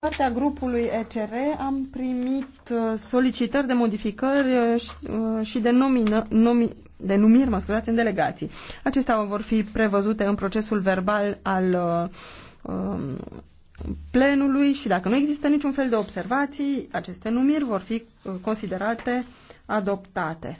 partea grupului ECR am primit uh, solicitări de modificări uh, uh, și de, nomină, nomi, de numiri mă scuzați, în delegații. Acestea vor fi prevăzute în procesul verbal al um, plenului și dacă nu există niciun fel de observații, aceste numiri vor fi considerate adoptate.